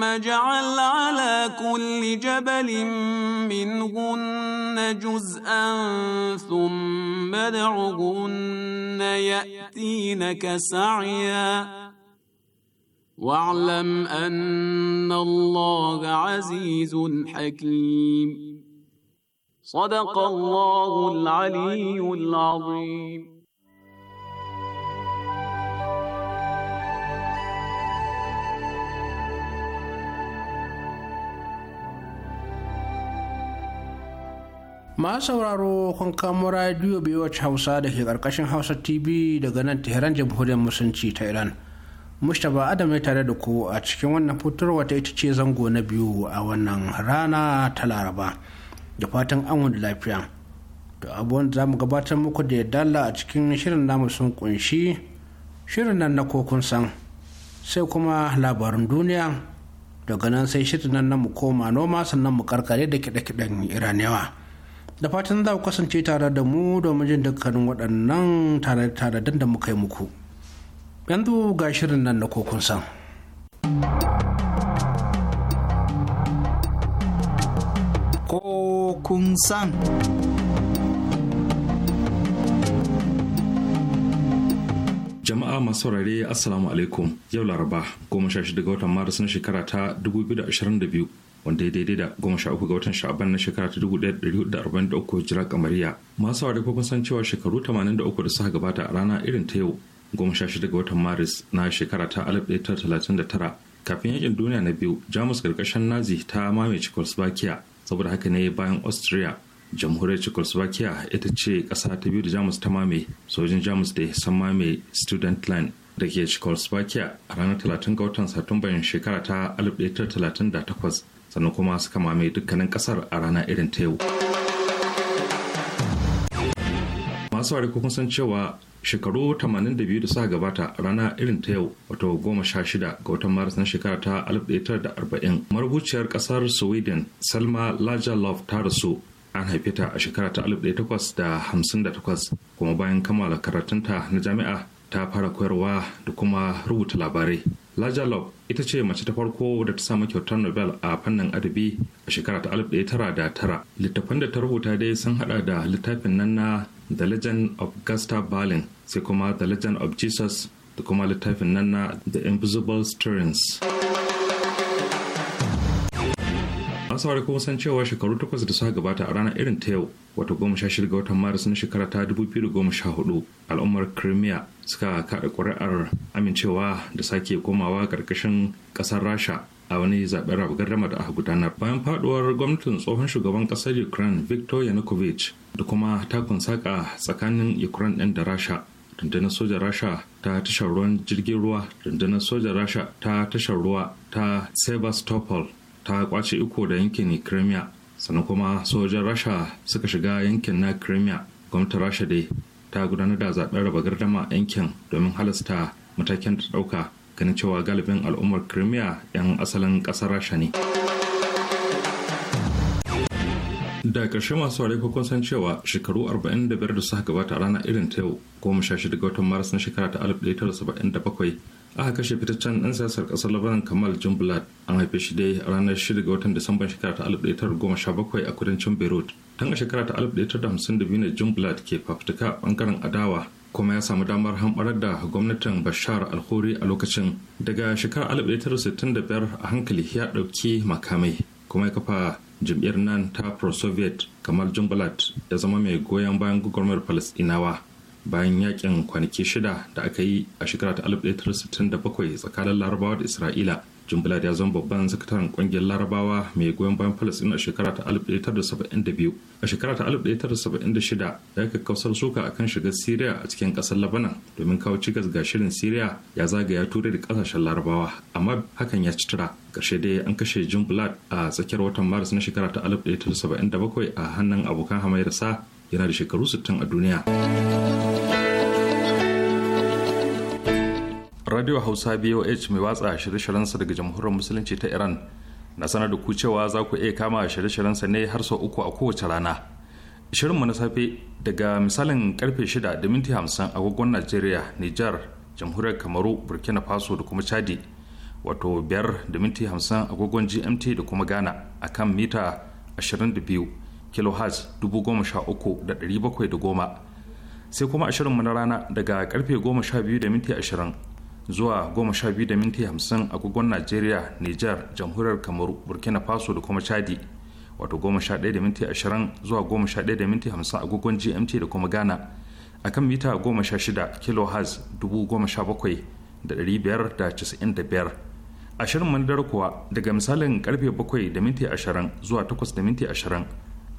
ثم اجعل على كل جبل منهن جزءا ثم ادعهن يأتينك سعيا واعلم أن الله عزيز حكيم صدق الله العلي العظيم ma sauraro kun kamo radio biyu hausa da ke karkashin hausa tv daga nan tehran jamhuriyar musulunci ta iran mustapha adam ya tare da ku a cikin wannan fitarwa ta ita ce zango na biyu a wannan rana ta laraba da fatan da lafiya da abubuwan za mu gabatar muku da dala a cikin shirin namu sun kunshi shirin nan na kokun san sai kuma labarin duniya daga nan sai shirin nan na mu koma noma sannan mu karkare da kiɗe-kiɗen iraniyawa da fatan za ku kasance tare da mu domin jin dukkanin waɗannan tare da muka yi muku yanzu ga shirin nan na kokun san kokun san jama'a masu saurare assalamu alaikum yau laraba goma sha shida ga watan maris na shekara ta 2022 wanda ya daidai da goma sha uku ga watan sha'aban na shekara ta dubu ɗaya ɗari hudu da arba'in da uku jira kamariya masu ware kuma san cewa shekaru tamanin da uku da suka gabata a rana irin ta yau goma sha shida ga watan maris na shekara ta alif ɗaya ta talatin da tara kafin yakin duniya na biyu jamus karkashin nazi ta mame czechoslovakia saboda haka ne bayan austria jamhuriyar czechoslovakia ita ce ƙasa ta biyu da jamus ta mame sojin jamus da sun mame student line da ke Czechoslovakia a ranar 30 ga watan Satumban shekara ta 1938 sannan kuma suka mame dukkanin kasar a rana irin ta yau masu ware kuma san cewa shekaru 82 da suka gabata rana irin ta yau wato 16 ga watan maris na shekara ta 1940 marubuciyar kasar sweden salma lagerlof ta rasu an haife ta a shekara ta 1858 kuma bayan kammala karatunta na jami'a ta fara koyarwa da kuma rubuta labarai Laja Love ita ce mace ta farko da ta samu kyautar Nobel a fannin adabi a shekara ta 1909. Littafan da ta rubuta dai sun hada da littafin nan na The Legend of Gustav Berlin sai kuma The Legend of Jesus da kuma littafin nan na The Invisible Strings. masu wari kuma san cewa shekaru takwas da suka gabata a ranar irin ta yau wata goma sha shida ga watan maris na shekara ta dubu biyu da goma sha hudu al'ummar crimea suka kaɗa ƙuri'ar amincewa da sake komawa ƙarƙashin ƙasar rasha a wani zaɓen rabu gardama da aka gudanar bayan faduwar gwamnatin tsohon shugaban ƙasar ukraine victor yanukovych da kuma takun saka tsakanin ukraine ɗin da rasha rundunar sojan rasha ta tashar ruwan jirgin ruwa rundunar soja rasha ta tashar ruwa ta sevastopol ta kwace iko da yankin crimea sannan kuma sojan rasha suka shiga yankin na crimea gwamnatin rasha dai ta gudanar da zaben raba gardama yankin domin halasta matakin da dauka ganin cewa galibin al'ummar crimea 'yan asalin kasar rasha ne da ƙarshe masu ware san cewa shekaru 45 da suka gabata rana irin ta yau 16 ga watan maris na shekara ta 1977 aka kashe fitaccen ɗan siyasar ƙasar labaran kamal jumblad an haife shi dai a ranar 6 ga watan disamban shekara ta bakwai a kudancin beirut tun a shekara ta biyu ne jumblad ke fafutuka ɓangaren adawa kuma ya samu damar hamɓarar da gwamnatin bashar alkhori a lokacin daga shekarar biyar a hankali ya ɗauki makamai kuma ya kafa jam'iyyar nan ta pro-soviet kamal jumblad ya zama mai goyon bayan gwagwarmar palestinawa. bayan yakin kwanaki shida da aka yi a shekara ta 1967 tsakanin larabawa da isra'ila jimbilad ya zama babban sakataren kungiyar larabawa mai goyon bayan palestine a shekara ta 1972 a shekara ta 1976 ya kakkausar suka akan shigar syria a cikin ƙasar labanan domin kawo cikas ga shirin syria ya zagaya turai da kasashen larabawa amma hakan ya ci karshe dai an kashe jimbilad a tsakiyar watan maris na shekara ta 1977 a hannun abokan Hamayarsa. yana da shekaru 60 a duniya. Radio Hausa BOH mai watsa shirye-shiryensa daga Jamhuriyar Musulunci ta Iran na sanar da ku cewa za ku iya kama shirye-shiryensa ne har sau uku a kowace rana. mu na safe daga misalin karfe 6 da minti 50 agogon Najeriya, Nijar, Jamhuriyar Kamaru, Burkina Faso da kuma Chadi. Wato 5 da minti 50 agogon GMT da kuma Ghana a kan mita 22 kilohertz goma sai kuma ashirinmu na rana daga karfe 12:20 zuwa 12:50 agogon najeriya niger jamhuriyar kamaru burkina faso da kuma chadi wato 11:20 zuwa 11:50 agogon gmt da kuma ghana a kan mita 16 kilohertz a shirin manadar kuwa daga misalin karfe bakwai da minti ashirin zuwa takwas da minti ashirin.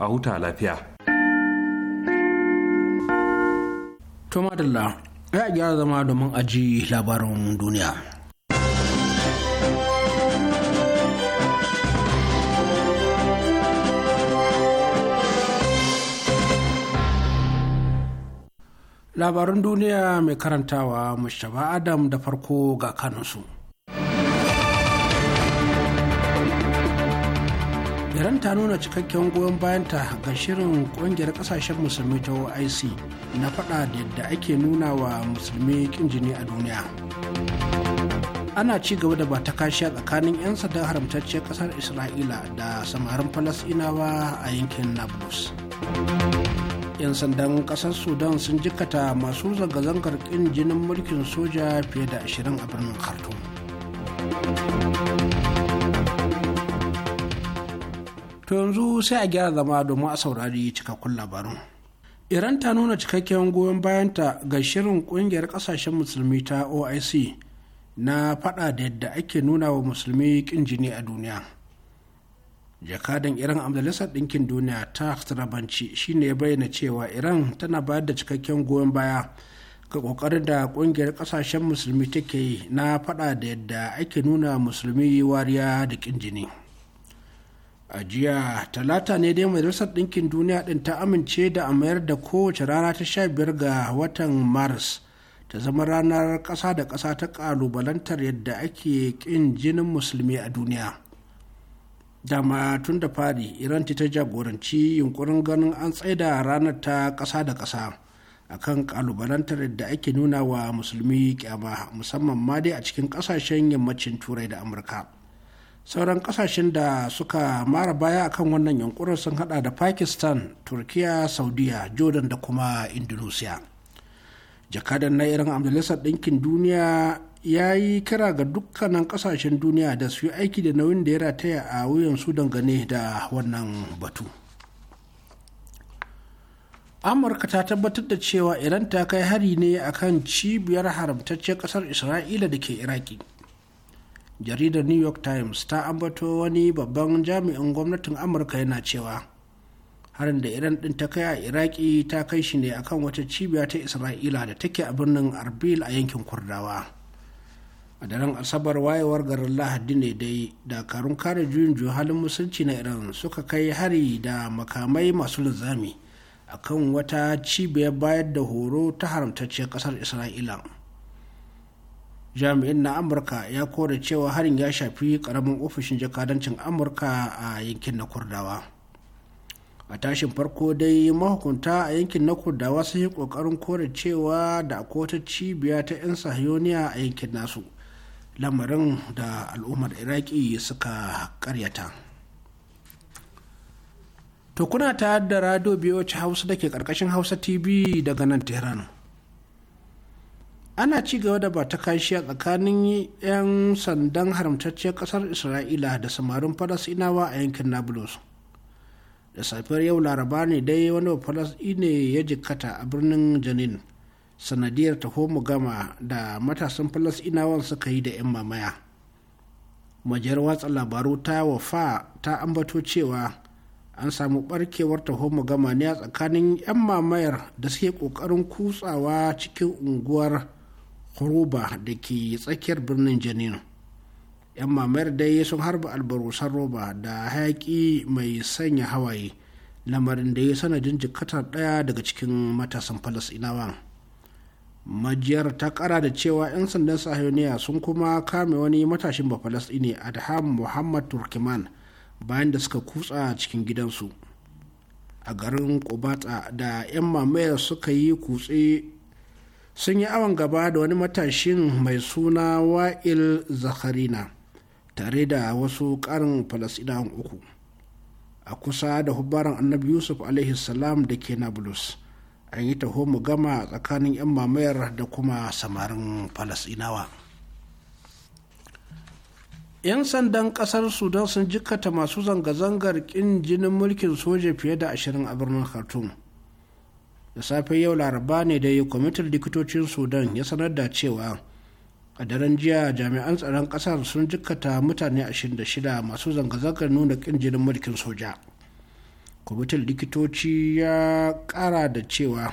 a huta lafiya. To madalla ya gyara zama domin aji labarin duniya. Labarin duniya mai karantawa Mustapha Adam da farko ga kanunsu. iran ta nuna cikakken goyon bayanta ga shirin kungiyar kasashen musulmi ta oic na faɗa da yadda ake nuna wa musulmi kin jini a duniya ana ci gaba da bata ta kashiya tsakanin 'yan sadar haramtacciyar ƙasar isra'ila da samarin Falasɗinawa a yankin nablus 'yan sandan ƙasar sudan sun jikata masu zanga-zangar kin jinin mulkin soja fiye da 20 a birnin khartoum to yanzu sai a gyara zama domin a saurari cikakkun labarun. Iran ta nuna cikakken goyon bayanta ga shirin kungiyar kasashen musulmi ta OIC na fada da yadda ake nuna wa musulmi kin jini a duniya. Jakadan Iran a Majalisar Ɗinkin Duniya ta Rabanci shine ya bayyana cewa Iran tana bayar da cikakken goyon baya ga ƙoƙarin da ƙungiyar ƙasashen musulmi take yi na fada da yadda ake nuna musulmi wariya da kin jini. a jiya talata ne dai majalisar ɗinkin duniya ɗin ta amince da a mayar da kowace rana ta sha biyar ga watan maris ta zama ranar ƙasa da ƙasa ta ƙalubalantar yadda ake ƙin jinin musulmi a duniya dama tun da fari iran ta jagoranci yunkurin ganin an tsaida ranar ta ƙasa da ƙasa kan ƙalubalantar yadda ake nuna wa musulmi kyama musamman ma dai a cikin ƙasashen yammacin turai da amurka sauran kasashen da suka mara baya akan wannan yankunan sun hada da pakistan turkiya saudiya jordan da kuma indonesia jakadan na irin amdalisar ɗinkin duniya ya yi kira ga dukkanin kasashen duniya da su yi aiki da nauyin da ya rataya a wuyansu dangane da wannan batu amurka ta tabbatar da cewa iran ta kai hari ne akan cibiyar haramtaccen kasar isra'ila da ke iraki jaridar new york times ta ambato wani babban jami'in gwamnatin amurka yana cewa harin da iran din ta kai a iraki ta kai shi ne akan wata cibiya ta isra'ila da take a birnin arbil a yankin kurdawa a daren asabar wayewar garin lahadi ne dai dakarun kare juyin halin musulci na iran suka kai hari da makamai masu linzami akan wata cibiyar bayar da horo ta haramtacciyar kasar isra'ila jami'in na amurka ya kora cewa harin ya shafi karamin ofishin jakadancin amurka a yankin na kurdawa a tashin farko dai mahukunta a yankin na kurdawa sun yi kokarin kore cewa da wata cibiya ta 'yan sahiyoniya a yankin nasu lamarin da al'ummar iraki suka karyata to kuna ta da radio biyu wacce hausa da ke karkashin hausa tv daga nan tehran ana ci gaba da ba ta kashi tsakanin 'yan sandan haramtacciyar kasar isra'ila da samarin falasinawa a yankin nablus da safiyar yau laraba ne dai wani falasine ya jikkata a birnin janin sanadiyar taho gama da matasan falasinawan suka yi da 'yan mamaya majiyar watsa labaru ta wafa ta ambato cewa an samu barkewar taho gama ne a tsakanin 'yan mamayar da suke kokarin kutsawa cikin unguwar roba da ke tsakiyar birnin janino yan mamayar dai sun harba albarusan roba da hayaki mai sanya hawaye lamarin da ya sanadin jikatar ɗaya daga cikin matasan falasinawa majiyar ta kara da cewa 'yan sandan sahiyoniya sun kuma kame wani matashin ba falasɗini adham muhammad turkiman bayan da suka kutsa cikin gidansu a garin kubatsa da 'yan mamayar suka yi kutse sun yi awon gaba da wani matashin mai suna wa'il zakharina tare da wasu ƙarin falasɗinawan uku a kusa da hubbaran annabi yusuf salam da ke nablus an yi taho mu gama tsakanin 'yan mamayar da kuma samarin falasinawa yan sandan kasar sudan sun jikkata masu zanga-zangar kin jinin mulkin soja fiye da ashirin a birnin khartoum da safe yau laraba ne dai kwamitin likitocin sudan ya sanar da cewa a daren jiya jami'an tsaron kasar sun jikkata mutane 26 masu zanga-zangar nuna kin jinin mulkin soja kwamitin likitoci ya kara da cewa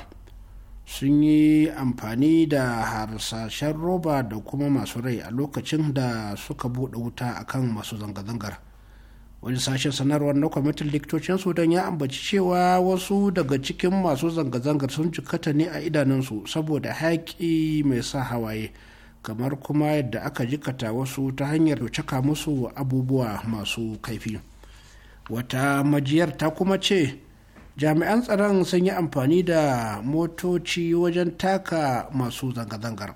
sun yi amfani da harsashen roba da kuma masu rai a lokacin da suka buɗe wuta akan masu zanga-zangar wani sashen sanarwar na kwamitin likitocin sudan ya ambaci cewa wasu daga cikin masu zanga-zangar sun jikata ne a idanunsu saboda haƙi mai sa hawaye kamar kuma yadda aka jikata wasu ta hanyar caka musu abubuwa masu kaifi wata majiyar ta kuma ce jami'an tsaron sun yi amfani da motoci wajen taka masu zanga-zangar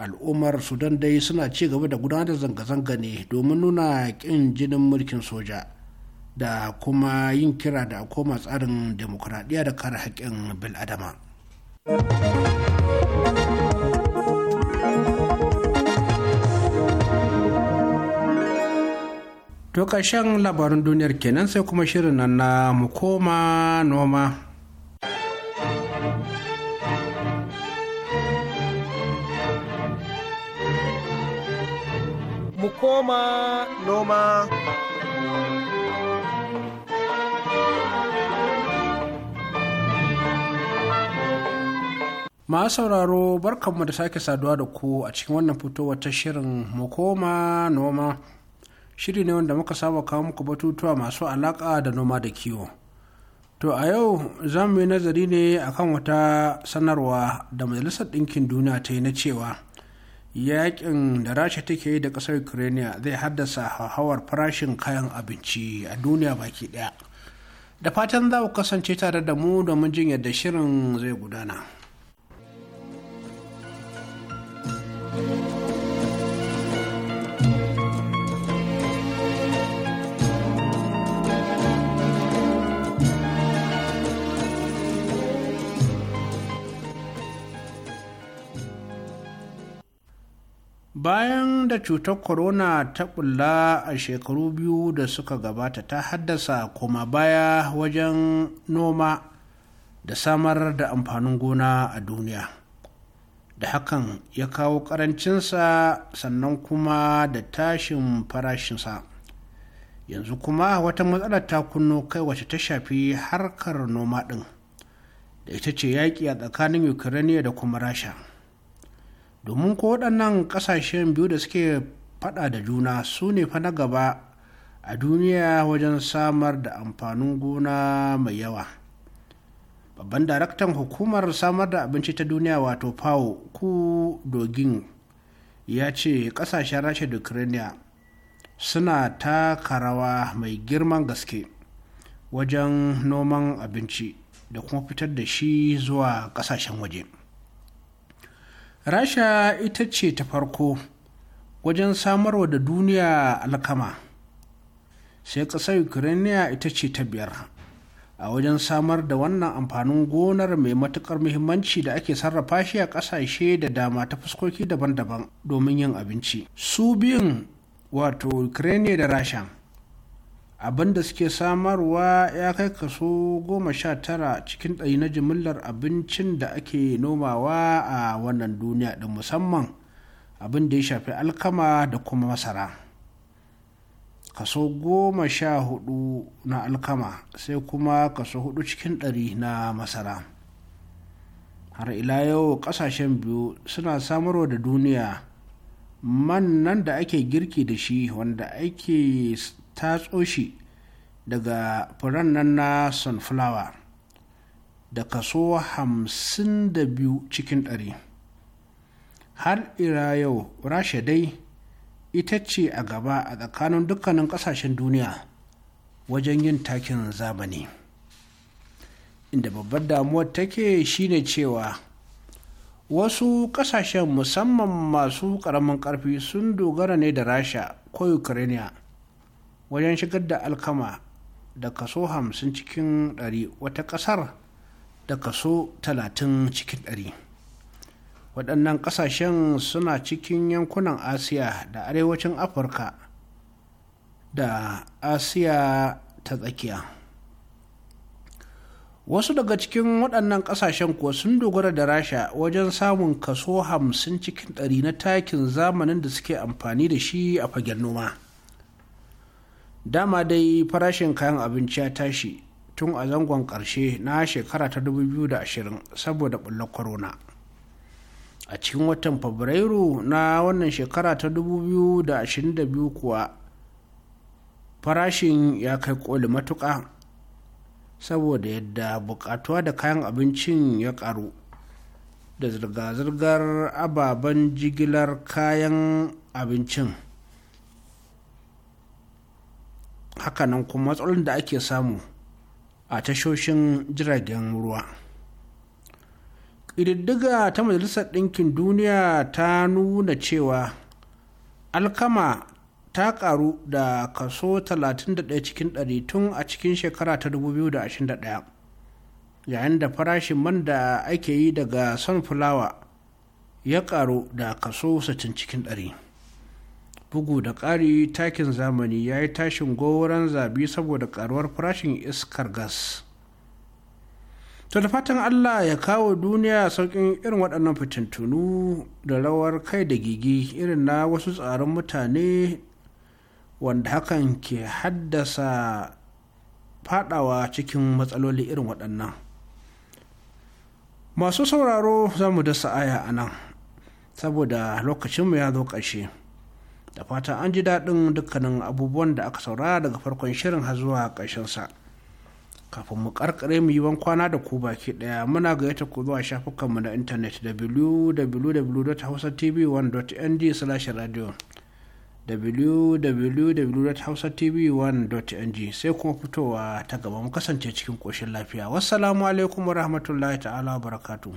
al'ummar sudan dai suna ci gaba da gudanar da zanga-zanga ne domin nuna ƙin jinin mulkin soja da kuma yin kira da koma tsarin demokuraɗiyya da kare haƙƙin bil'adama to ƙarshen labarin duniyar kenan sai kuma shirin nan na mu koma noma mu koma noma. Ma sauraro barkanmu da sake saduwa da ku a cikin wannan fitowar ta shirin mu koma noma. Shiri ne wanda muka saba kawo muku batutuwa masu alaka da noma da kiwo. To a yau za mu yi nazari ne akan wata sanarwa da Majalisar Ɗinkin Duniya ta yi na cewa yakin da rasha take yi da ƙasar ukraine zai haddasa hauhawar farashin kayan abinci a duniya baki ɗaya da fatan za ku kasance tare da mu domin jin yadda shirin zai gudana. bayan da cutar corona ta bulla a shekaru biyu da suka gabata ta haddasa koma baya wajen noma da samar da amfanin gona a duniya da hakan ya kawo karancinsa sannan kuma da tashin farashinsa yanzu kuma wata matsala ta kunno kai wacce ta shafi harkar noma ɗin da ita ce yaƙi a tsakanin ukraine da kuma rasha domin ko waɗannan ƙasashen biyu da suke faɗa da juna su ne fa na gaba a duniya wajen samar da amfanin gona mai yawa babban daraktan hukumar samar da abinci ta duniya wato fao ku dogin ya ce ƙasashen rasha da ukraine suna taka rawa mai girman gaske wajen noman abinci da kuma fitar da shi zuwa ƙasashen waje. rasha ita ce ta farko wajen samarwa da duniya alkama sai ƙasar ukraine ita ce ta biyar a wajen samar da wannan amfanin gonar mai matuƙar muhimmanci da ake sarrafa shi a ƙasashe da dama ta fuskoki daban-daban domin yin abinci su biyun wato ukraine da rasha abin da suke samarwa ya kai kaso goma sha tara cikin ɗari na jimillar abincin da ake nomawa a wannan duniya ɗin musamman abin da ya shafi alkama da kuma masara kaso goma sha hudu na alkama sai kuma kaso hudu cikin ɗari na masara har ila yau ƙasashen biyu suna samarwa da duniya man nan da ake girki da shi wanda ake Ta tsoshi daga furen nan na sunflower da kaso hamsin da biyu cikin ɗari har ira yau rasha dai ita ce a gaba a tsakanin dukkanin ƙasashen duniya wajen yin takin zamani inda babbar damuwar take shine cewa wasu ƙasashen musamman masu ƙaramin ƙarfi sun dogara ne da rasha ko ukraine wajen shigar da alkama da kaso 50 cikin 100 wata ƙasar da kaso 30 cikin 100 waɗannan ƙasashen suna cikin yankunan asiya da arewacin afirka da asiya ta tsakiya wasu daga cikin waɗannan ƙasashen kuwa sun dogara da rasha wajen samun kaso 50 cikin 100 na takin zamanin da suke amfani da shi a fagen noma. dama dai farashin kayan abinci ya tashi tun a zangon ƙarshe na shekara ta 2020 saboda ɓullar corona a cikin watan fabrairu na wannan shekara ta 2022 kuwa farashin ya kai koli matuƙa saboda yadda buƙatuwa da kayan abincin ya ƙaru da zirga-zirgar ababen jigilar kayan abincin hakanan kuma matsalolin da ake samu a tashoshin jiragen ruwa ƙididdiga ta majalisar ɗinkin duniya ta nuna cewa alkama ta ƙaru da kaso 31 cikin 100 tun a cikin shekara ta 2021 yayin da farashin man da ake yi daga sunflower ya ƙaru da kaso 60 cikin 100 bugu da ƙari takin zamani ya yi tashin goron zabi saboda karuwar farashin iskar gas to da fatan allah ya kawo duniya saukin irin waɗannan fitintunu da rawar kai da gigi irin na wasu tsarin mutane wanda hakan ke haddasa fadawa cikin matsaloli irin waɗannan masu sauraro za mu dasa aya a nan saboda lokacinmu ya zo ƙarshe. da fatan an ji daɗin dukkanin abubuwan da aka saura daga farkon shirin har zuwa sa kafin mu karkare mu yi kwana da ku baki ɗaya muna gayyata ku zuwa shafukanmu na intanet www.hausatv1.ng/radio www.hausatv1.ng sai kuma fitowa ta gaba mu kasance cikin ƙoshin lafiya wassalamu alaikum wa rahmatullahi ta'ala wa barakatuhu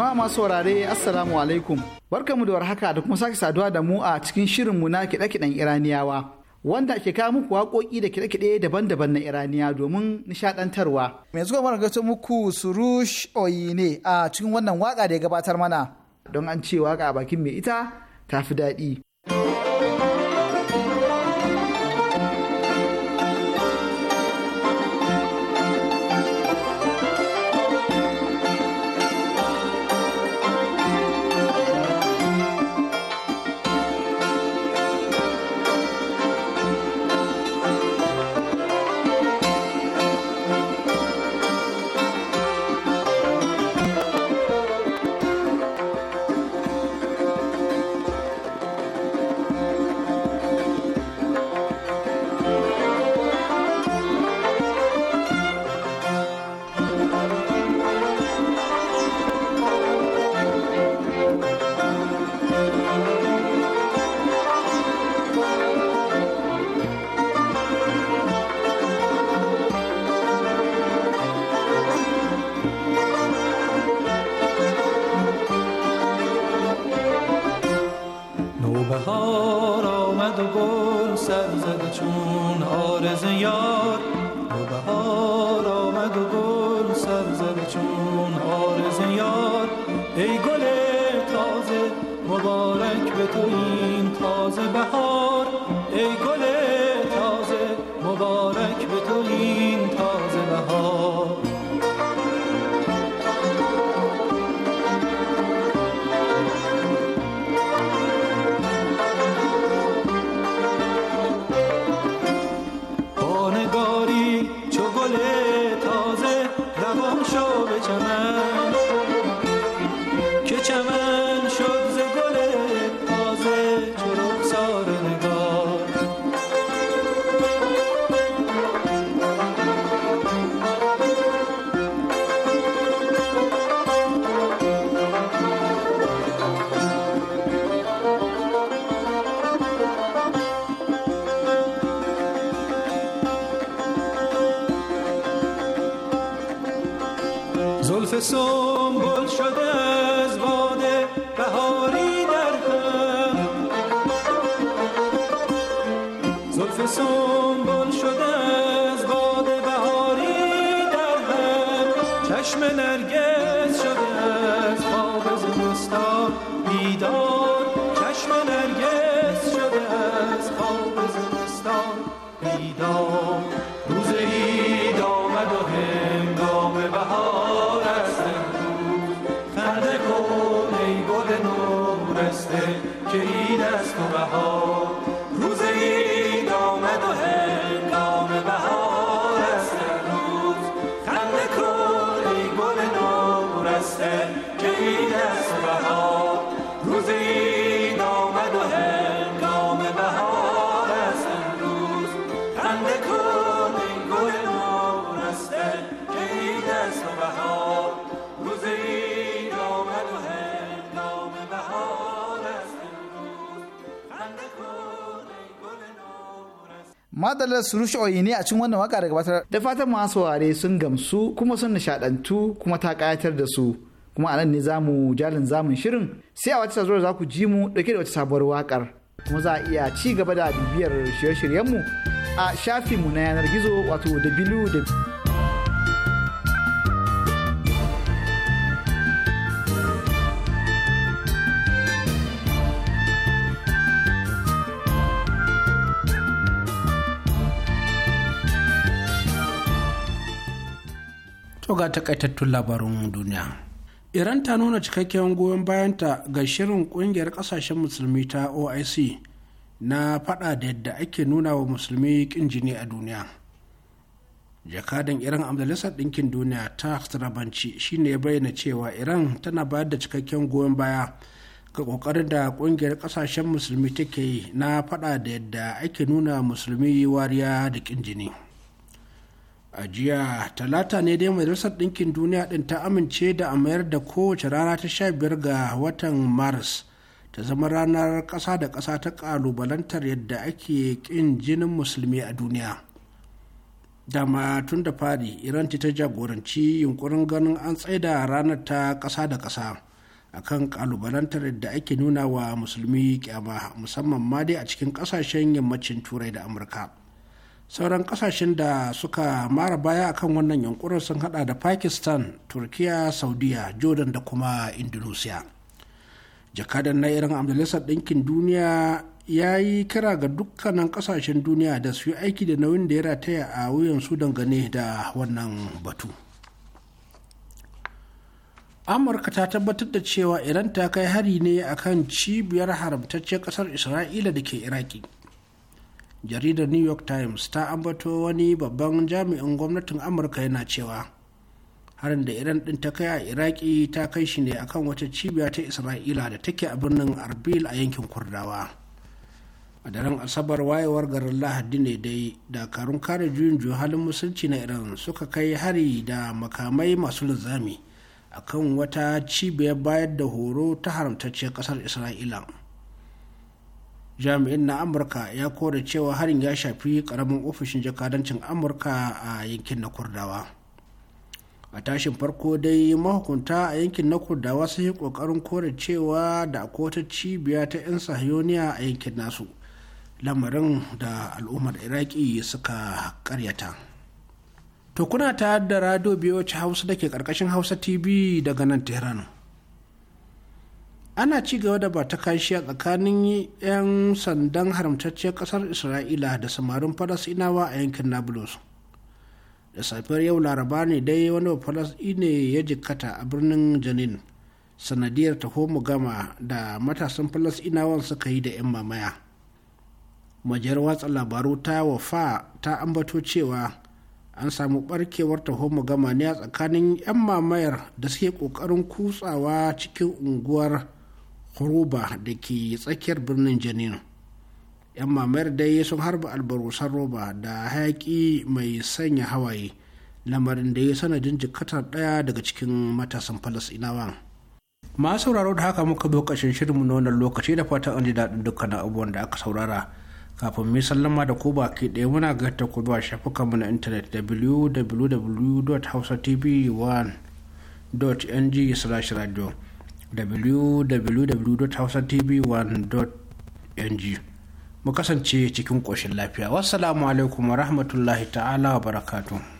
Jama'a masu saurare Assalamu alaikum. Barkamu da warhaka da kuma sake saduwa da mu a cikin shirin mu na kiɗe-kiɗen Iraniyawa. Wanda ke kawo muku waƙoƙi da kiɗe-kiɗe daban-daban na Iraniya domin nishaɗantarwa. Mai zuwa mara gato muku Surush Oyine a cikin wannan waka da ya gabatar mana. Don an ce waƙa a bakin mai ita ta fi daɗi. بسته که این است تو بها روز این madalar surushi oyini a cikin wannan waka da gabatar da fatan masu saurare sun gamsu kuma sun nishadantu kuma ta kayatar da su kuma a nan ne zamu jalin zamun shirin sai a wata sazuwar za ku ji mu dauke da wata sabuwar wakar kuma za a iya ci gaba da bibiyar shirye-shiryenmu a shafinmu na yanar gizo wato www ga takaitattun labarun duniya. Iran ta nuna cikakken goyon bayanta ga shirin kungiyar kasashen musulmi ta OIC na fada da yadda ake nuna wa musulmi kin jini a duniya. Jakadan Iran a Majalisar Ɗinkin Duniya ta Trabanci shine ya bayyana cewa Iran tana bayar da cikakken goyon baya ga kokarin da kungiyar kasashen musulmi take yi na fada da yadda ake nuna musulmi wariya da kin jini. a jiya talata ne dai majalisar ɗinkin duniya ɗin ta amince da a mayar da kowace rana ta sha biyar ga watan maris ta zama ranar ƙasa da ƙasa ta ƙalubalantar yadda ake ƙin jinin musulmi a duniya dama tun da fari iran ta jagoranci yunkurin ganin an tsaida ranar ta ƙasa da ƙasa akan ƙalubalantar yadda ake nuna wa musulmi kyama musamman ma dai a cikin ƙasashen yammacin turai da amurka sauran kasashen da suka mara baya akan wannan yankunan sun hada da pakistan turkiya saudiya jordan da kuma indonesia jakadan na irin amdalisar ɗinkin duniya ya yi kira ga dukkanin kasashen duniya da su yi aiki da nauyin da ya rataya a wuyansu dangane da wannan batu amurka ta tabbatar da cewa iran ta kai hari ne akan cibiyar haramtaccen kasar isra'ila da ke iraki jaridar new york times ta ambato wani babban jami'in gwamnatin amurka yana cewa harin da iran din ta kai a iraki ta kai shi ne akan wata cibiya ta isra'ila da take a birnin arbil a yankin kurdawa a daren asabar wayewar garin lahadi ne dai dakarun kare juyin halin musulci na iran suka kai hari da makamai masu linzami akan wata cibiyar bayar da horo ta haramtacciyar kasar isra'ila jami'in na amurka ya kore cewa harin ya shafi karamin ofishin jakadancin amurka a yankin na kurdawa a tashin farko dai mahukunta a yankin na kurdawa sun yi kokarin kore cewa da wata cibiya ta 'yan sahiyoniya a yankin nasu lamarin da al'ummar iraki suka karyata to kuna ta da radio biyu wacce hausa da ke karkashin hausa tv daga nan tehran ana ci gaba da ba ta kashi tsakanin 'yan sandan haramtacciyar kasar isra'ila da samarin falasinawa a yankin nablus da safiyar yau laraba ne dai wani falasine ya jikkata a birnin janin sanadiyar taho gama da matasan falasinawan suka yi da 'yan mamaya majiyar watsa labaru ta wafa ta ambato cewa an samu barkewar taho gama ne a tsakanin 'yan mamayar da suke kokarin kutsawa cikin unguwar Kuruba da ke tsakiyar birnin janino yan mamayar dai sun harba albarusan roba da hayaki mai sanya hawaye lamarin da ya sanadin jikatar ɗaya daga cikin matasan falasinawa ma sauraro da haka muka zo shirin shirinmu na wannan lokaci da fatan an ji daɗin dukkan abubuwan da aka saurara kafin mu sallama da ku ke ɗaya muna ga ta ku zuwa mu na intanet www.hausatv1.ng/radio www.hausatv1.ng mu kasance cikin ƙoshin lafiya wassalamu alaikum wa rahmatullahi ta'ala wa barakatuh